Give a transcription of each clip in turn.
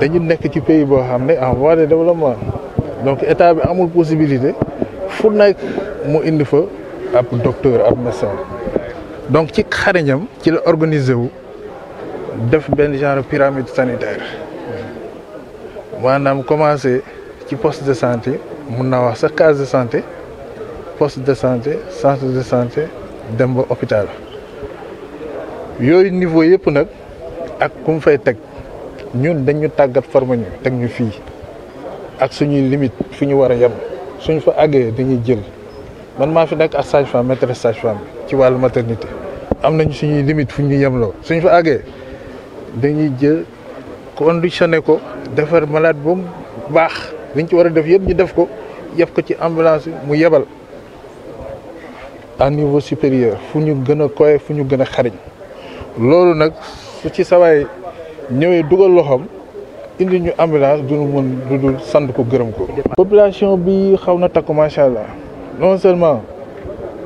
dañu nekk ci pays boo xam ne en voie de développement donc état bi amul possibilité fu nekk mu indi fa ab docteur ab médecin donc ci xariñam ci la organiser wu def benn genre pyramide sanitaire maanaam commencé ci poste de santé mun naa wax sa case de santé poste de santé centre de santé dem ba hôpital yooyu niveau yëpp nag ak kum fay teg. ñun dañu tàggat forme teg ñu fii ak suñuy limite fi ñu war a yem suñ fa àggee dañuy jël man maa fi nekk ak sage-femme maîtresse sage-femme ci wàllu maternité am nañ suñuy limite fu ñu yemloo suñu fa àggee dañuy jël conditionné ko defar malade bu baax dañ ci war a def yëpp ñu def ko yëpp ko ci ambulance mu yebal à niveau supérieur fu ñu gën a koy fu ñu gën a xariñ loolu nag su ci sawaay ñëwee dugal loxam indi ñu ambulance duñu mën du dul sant ko gërëm ko. population bi xaw na takku macha allah non seulement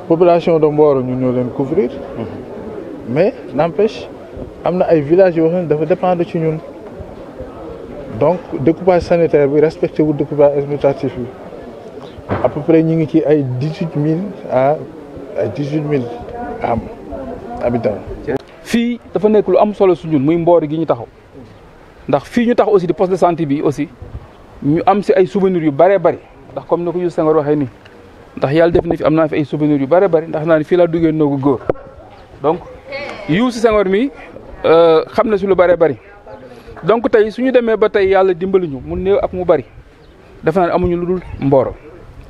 population de Mboro ñu ñoo leen couvrir mais n'empêche am na ay villages yoo xam ne dafa dépendre ci ñun donc découpage sanitaire bi respecté wu découpage administratif bi à peu près ñu ngi ci ay dix huit à ay dix huit am habitants. Fi dafa nekk lu am solo su ñun muy mboor gi ñu taxaw ndax ñu aussi di poste de santé bi aussi ñu am si ay souvenirs yu bare bari ndax comme ni ko Youssou Senghor waxee ndax def na fi am naa fi ay souvenirs yu bare bari ndax naa ni fii laa duggee noogu góor donc Youssou Senghor mi euh, xam na si lu bare bari donc tey suñu demee ba tey yàlla dimbali ñu mu néew ak mu bari dafa naa amuñu lu dul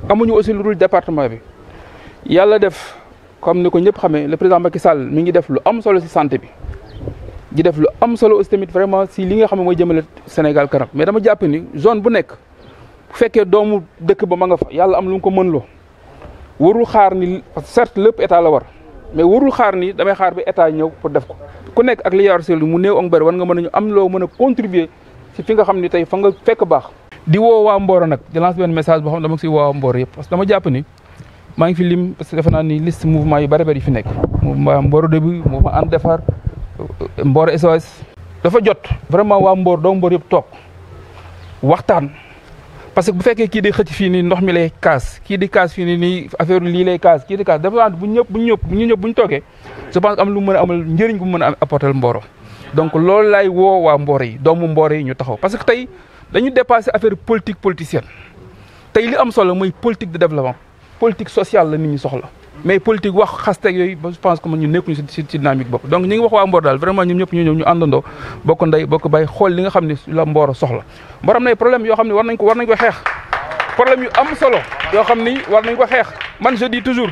amuñu aussi lu département bi def comme ni ko ñëpp xamee le président Macky Sall mi ngi def lu am solo si santé bi di def lu am solo aussi tamit vraiment si li nga xam ne mooy jëmale Sénégal kanam mais dama jàpp ni zone bu nekk bu fekkee doomu dëkk ba ma nga fa yàlla am lu mu ko mën loo warul xaar ni certes lépp état la war mais warul xaar ni damay xaar bi état ñëw pour def ko ku nekk ak li yor sel mu néew ak bëri war nga mën a ñu am loo mën a contribuer si fi xam ni tey fa nga fekk baax. di woo waa Mboro nag di lancer benn message jàpp ni. maa ngi fi lim parce que defe naa ni liste mouvement yu bëri bëri yi fi nekk mouvement Mboro début mouvement And Defar Mboro SOS dafa jot vraiment waa Mboro doomu Mboro yëpp toog waxtaan parce que bu fekkee kii di xëcc fii nii ndox mi lay kaas kii di kaas fii nii nii affaire lii lay kaas kii di kaas dafa naan bu ñëpp bu ñëpp bu ñu ñëpp bu ñu toogee je pense am lu mën a amal njëriñ bu mën a apporter Mboro donc loolu laay woo waa Mboro yi doomu Mboro yi ñu taxaw parce que tey dañu dépassé affaire politique politicienne tey li am solo mooy politique de développement politique sociale la nit ñi soxla mais politique wax xasteeg yooyu je pense que ñu nekkuñu ci dynamique bop donc ñi ngi wax wa mbor dal vraiment ñun ñëpp ñu ñëw ñu andando bokk nday bokk bay xol li nga xamni la mbor soxla Mbour am problème yo xamni war nañ ko war nañ ko xex problème yu am solo yo xamni war nañ ko xex man je dis toujours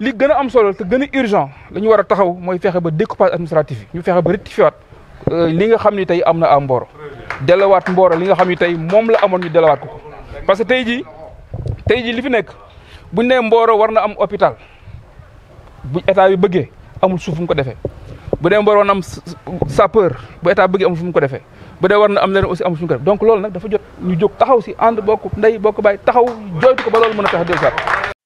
li gëna am solo te gëna urgent lañu wara taxaw moy fexé ba découpage administratif ñu fexé ba rectifié waat euh, li nga xamni tay amna am na à mbor li nga xamni tay mom la amoon ñu delawaat ko parce que tay ji tay ji li fi nek bu nee Mboro war na am hôpital bu état bi bëggee amul suuf fu mu ko defee bu dee Mboro war am sapeur bu état bëggee amul fu mu ko defee bu dee war na am leneen aussi amul fu ko defee donc loolu nag dafa jot ñu jóg taxaw si ànd bokk ndey bokk bàyyi taxaw jooytu ko ba loolu mun a tax a